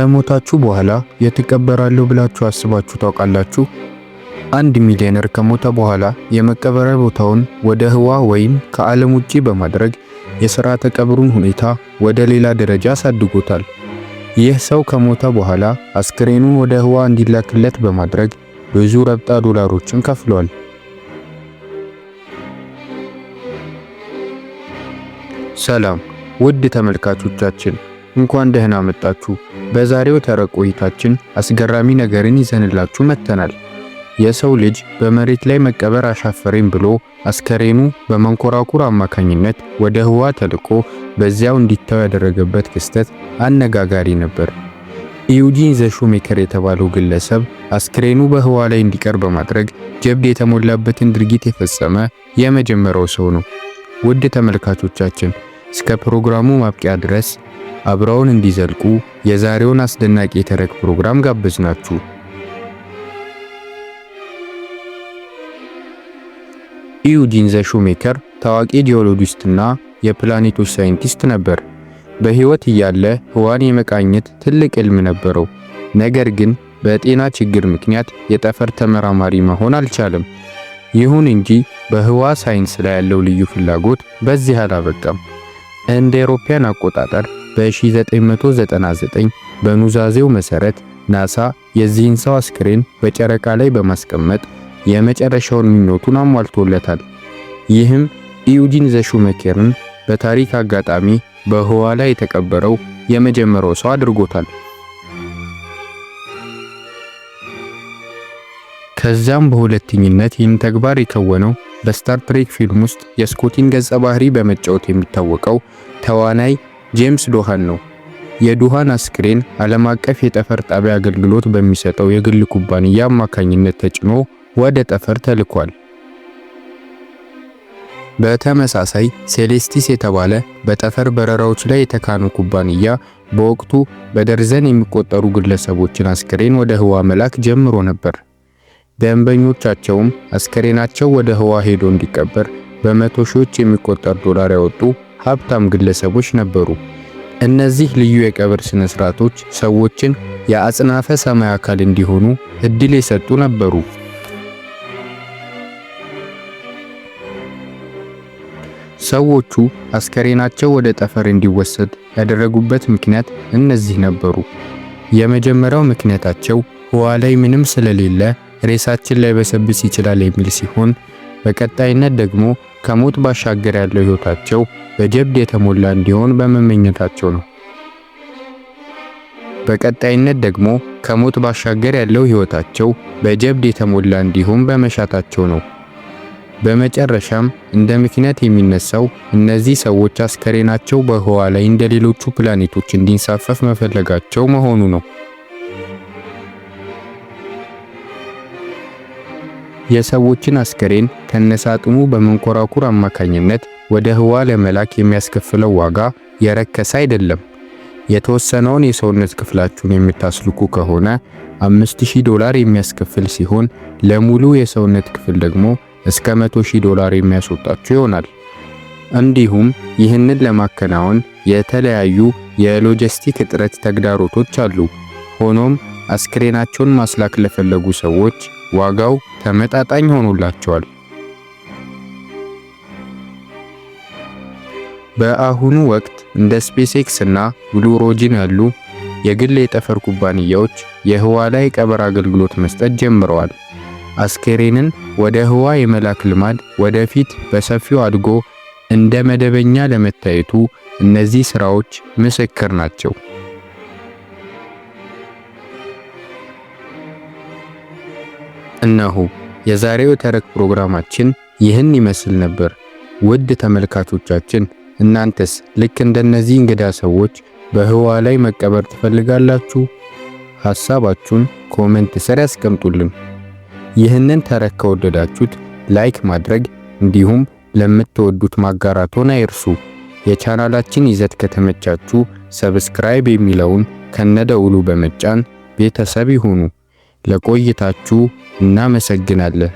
ከሞታችሁ በኋላ የትቀበራለሁ ብላችሁ አስባችሁ ታውቃላችሁ? አንድ ሚሊዮነር ከሞተ በኋላ የመቀበሪያ ቦታውን ወደ ህዋ ወይም ከዓለም ውጪ በማድረግ የሥርዓተ ቀብሩን ሁኔታ ወደ ሌላ ደረጃ አሳድጎታል። ይህ ሰው ከሞተ በኋላ አስክሬኑ ወደ ህዋ እንዲላክለት በማድረግ ብዙ ረብጣ ዶላሮችን ከፍሏል። ሰላም ውድ ተመልካቾቻችን እንኳን ደህና መጣችሁ። በዛሬው ተረት ቆይታችን አስገራሚ ነገርን ይዘንላችሁ መጥተናል። የሰው ልጅ በመሬት ላይ መቀበር አሻፈረኝ ብሎ አስከሬኑ በመንኮራኩር አማካኝነት ወደ ህዋ ተልቆ በዚያው እንዲታው ያደረገበት ክስተት አነጋጋሪ ነበር። ኢዩጂን ዘሹሜከር የተባለው ግለሰብ አስክሬኑ በህዋ ላይ እንዲቀር በማድረግ ጀብድ የተሞላበትን ድርጊት የፈጸመ የመጀመሪያው ሰው ነው። ውድ ተመልካቾቻችን እስከ ፕሮግራሙ ማብቂያ ድረስ አብረውን እንዲዘልቁ የዛሬውን አስደናቂ የተረክ ፕሮግራም ጋበዝናችሁ። ኢዩጂን ዘ ሹሜከር ታዋቂ ጂኦሎጂስትና የፕላኔቶች ሳይንቲስት ነበር። በሕይወት እያለ ህዋን የመቃኘት ትልቅ ዕልም ነበረው። ነገር ግን በጤና ችግር ምክንያት የጠፈር ተመራማሪ መሆን አልቻለም። ይሁን እንጂ በህዋ ሳይንስ ላይ ያለው ልዩ ፍላጎት በዚህ አላበቃም። እንደ አውሮፓውያን አቆጣጠር በ1999 በኑዛዜው መሰረት ናሳ የዚህን ሰው አስክሬን በጨረቃ ላይ በማስቀመጥ የመጨረሻውን ምኞቱን አሟልቶለታል። ይህም ኢዩጂን ዘሹመኬርን በታሪክ አጋጣሚ በህዋ ላይ የተቀበረው የመጀመሪያው ሰው አድርጎታል። ከዛም በሁለተኝነት ይህን ተግባር የከወነው በስታር ትሬክ ፊልም ውስጥ የስኮቲን ገጸ ባህሪ በመጫወት የሚታወቀው ተዋናይ ጄምስ ዶሃን ነው። የዱሃን አስክሬን ዓለም አቀፍ የጠፈር ጣቢያ አገልግሎት በሚሰጠው የግል ኩባንያ አማካኝነት ተጭኖ ወደ ጠፈር ተልኳል። በተመሳሳይ ሴሌስቲስ የተባለ በጠፈር በረራዎች ላይ የተካኑ ኩባንያ በወቅቱ በደርዘን የሚቆጠሩ ግለሰቦችን አስክሬን ወደ ህዋ መላክ ጀምሮ ነበር። ደንበኞቻቸውም አስከሬናቸው ወደ ህዋ ሄዶ እንዲቀበር በመቶ ሺዎች የሚቆጠር ዶላር ያወጡ ሀብታም ግለሰቦች ነበሩ። እነዚህ ልዩ የቀብር ስነ ስርዓቶች ሰዎችን የአጽናፈ ሰማይ አካል እንዲሆኑ እድል የሰጡ ነበሩ። ሰዎቹ አስከሬናቸው ወደ ጠፈር እንዲወሰድ ያደረጉበት ምክንያት እነዚህ ነበሩ። የመጀመሪያው ምክንያታቸው ህዋ ላይ ምንም ስለሌለ ሬሳችን ላይበሰብስ ይችላል የሚል ሲሆን በቀጣይነት ደግሞ ከሞት ባሻገር ያለው ህይወታቸው በጀብድ የተሞላ እንዲሆን በመመኘታቸው ነው። በቀጣይነት ደግሞ ከሞት ባሻገር ያለው ህይወታቸው በጀብድ የተሞላ እንዲሆን በመሻታቸው ነው። በመጨረሻም እንደ ምክንያት የሚነሳው እነዚህ ሰዎች አስከሬናቸው በህዋ ላይ እንደ ሌሎቹ ፕላኔቶች እንዲንሳፈፍ መፈለጋቸው መሆኑ ነው። የሰዎችን አስከሬን ከነሳጥኑ በመንኮራኩር አማካኝነት ወደ ህዋ ለመላክ የሚያስከፍለው ዋጋ የረከሰ አይደለም። የተወሰነውን የሰውነት ክፍላችሁን የምታስልኩ ከሆነ 5000 ዶላር የሚያስከፍል ሲሆን ለሙሉ የሰውነት ክፍል ደግሞ እስከ 100000 ዶላር የሚያስወጣችሁ ይሆናል። እንዲሁም ይህንን ለማከናወን የተለያዩ የሎጂስቲክ እጥረት ተግዳሮቶች አሉ። ሆኖም አስክሬናቸውን ማስላክ ለፈለጉ ሰዎች ዋጋው ተመጣጣኝ ሆኖላቸዋል። በአሁኑ ወቅት እንደ ስፔስ ኤክስ እና ብሉ ያሉ የግል የጠፈር ኩባንያዎች የህዋ ላይ ቀበር አገልግሎት መስጠት ጀምረዋል። አስከሬንን ወደ ህዋ የመላክ ልማድ ወደፊት በሰፊው አድጎ እንደ መደበኛ ለመታየቱ እነዚህ ስራዎች ምስክር ናቸው። እነሆ የዛሬው ተረክ ፕሮግራማችን ይህን ይመስል ነበር። ውድ ተመልካቾቻችን እናንተስ ልክ እንደነዚህ እንግዳ ሰዎች በህዋ ላይ መቀበር ትፈልጋላችሁ? ሐሳባችሁን ኮሜንት ስር ያስቀምጡልን። ይህንን ተረክ ከወደዳችሁት ላይክ ማድረግ እንዲሁም ለምትወዱት ማጋራቶን አይርሱ። የቻናላችን ይዘት ከተመቻችሁ ሰብስክራይብ የሚለውን ከነደውሉ በመጫን ቤተሰብ ይሁኑ። ለቆይታችሁ እናመሰግናለን።